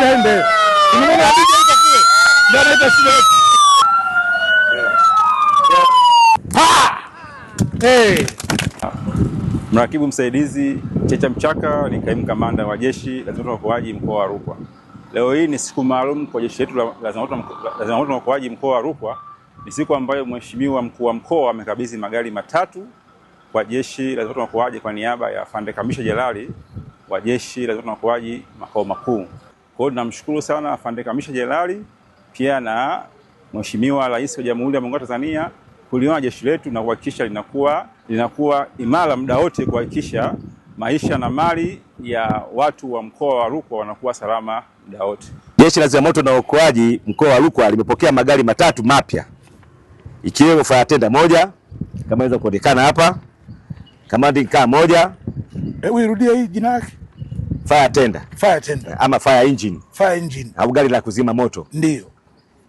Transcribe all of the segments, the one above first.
ishaende. Unaona Hadija iko kule. Ndio anaita shida yetu. Hey. Mrakibu msaidizi Checha Mchaka ni kaimu kamanda wa jeshi la zimamoto na uokoaji mkoa wa Rukwa. Leo hii ni siku maalum kwa jeshi letu la zimamoto na uokoaji mkoa wa Rukwa. Ni siku ambayo mheshimiwa mkuu wa mkoa amekabidhi magari matatu kwa jeshi la zimamoto na uokoaji kwa niaba ya Afande Kamisha Jalali wa jeshi la zimamoto na uokoaji makao makuu. Kwa hiyo tunamshukuru sana afande Kamisha Jenerali pia na Mheshimiwa Rais wa Jamhuri ya Muungano wa Tanzania kuliona jeshi letu na kuhakikisha linakuwa linakuwa imara muda wote kuhakikisha maisha na mali ya watu wa mkoa wa Rukwa wanakuwa salama muda wote. Jeshi la Zimamoto na Uokoaji mkoa wa Rukwa limepokea magari matatu mapya ikiwemo fire tenda moja kama inaweza kuonekana hapa, commanding car moja. Hebu irudie hii jina yake fire tender. Fire tender. Ama fire engine. Fire engine. Au gari la kuzima moto. Ndio.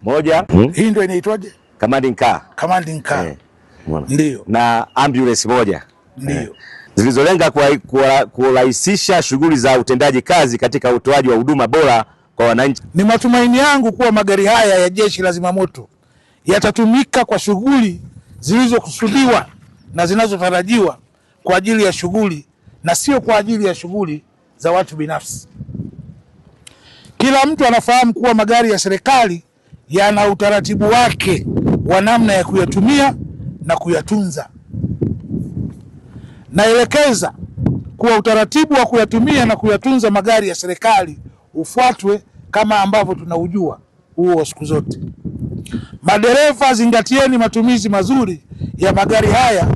Moja. Hmm. Hii ndio inaitwaje? Commanding car. Commanding car. Eh. Ndio. Na ambulance moja. Ndio. Eh. Zilizolenga kurahisisha shughuli za utendaji kazi katika utoaji wa huduma bora kwa wananchi. Ni matumaini yangu kuwa magari haya ya Jeshi la Zimamoto yatatumika kwa shughuli zilizokusudiwa na zinazotarajiwa kwa ajili ya shughuli na sio kwa ajili ya shughuli za watu binafsi. Kila mtu anafahamu kuwa magari ya serikali yana utaratibu wake wa namna ya kuyatumia na kuyatunza. Naelekeza kuwa utaratibu wa kuyatumia na kuyatunza magari ya serikali ufuatwe kama ambavyo tunaujua huo siku zote. Madereva, zingatieni matumizi mazuri ya magari haya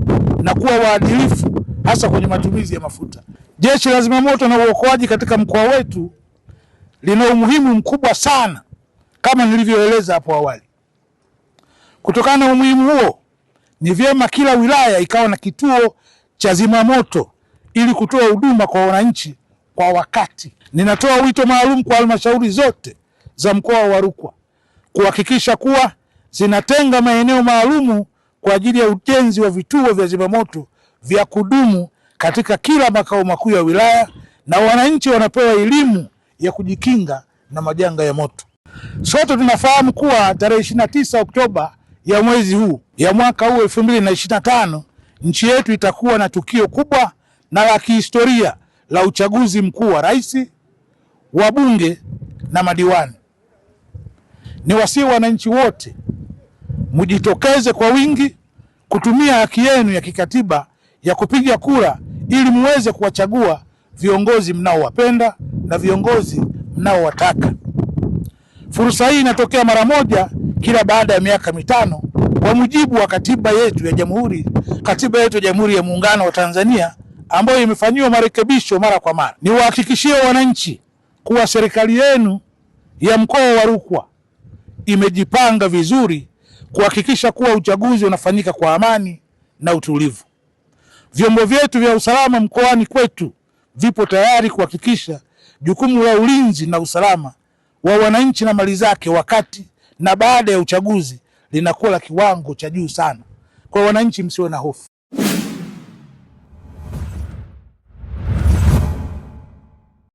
na kuwa waadilifu hasa kwenye matumizi ya mafuta. Jeshi la Zimamoto na Uokoaji katika mkoa wetu lina umuhimu mkubwa sana kama nilivyoeleza hapo awali. Kutokana na umuhimu huo, ni vyema kila wilaya ikawa na kituo cha zimamoto ili kutoa huduma kwa wananchi kwa wakati. Ninatoa wito maalum kwa halmashauri zote za mkoa wa Rukwa kuhakikisha kuwa zinatenga maeneo maalumu kwa ajili ya ujenzi wa vituo vya zimamoto vya kudumu katika kila makao makuu ya wilaya, na wananchi wanapewa elimu ya kujikinga na majanga ya moto. Sote tunafahamu kuwa tarehe 29 Oktoba ya mwezi huu ya mwaka huu 2025 nchi yetu itakuwa na tukio kubwa na la kihistoria la uchaguzi mkuu wa rais, wabunge na madiwani. Ni wasii wananchi wote mjitokeze kwa wingi kutumia haki yenu ya kikatiba ya kupiga kura ili muweze kuwachagua viongozi mnaowapenda na viongozi mnaowataka. Fursa hii inatokea mara moja kila baada ya miaka mitano kwa mujibu wa katiba yetu ya jamhuri, katiba yetu ya Jamhuri ya Muungano wa Tanzania ambayo imefanyiwa marekebisho mara kwa mara. Niwahakikishie wananchi kuwa serikali yenu ya mkoa wa Rukwa imejipanga vizuri kuhakikisha kuwa uchaguzi unafanyika kwa amani na utulivu. Vyombo vyetu vya usalama mkoani kwetu vipo tayari kuhakikisha jukumu la ulinzi na usalama wa wananchi na mali zake wakati na baada ya uchaguzi linakuwa la kiwango cha juu sana. Kwa wananchi, msiwe na hofu.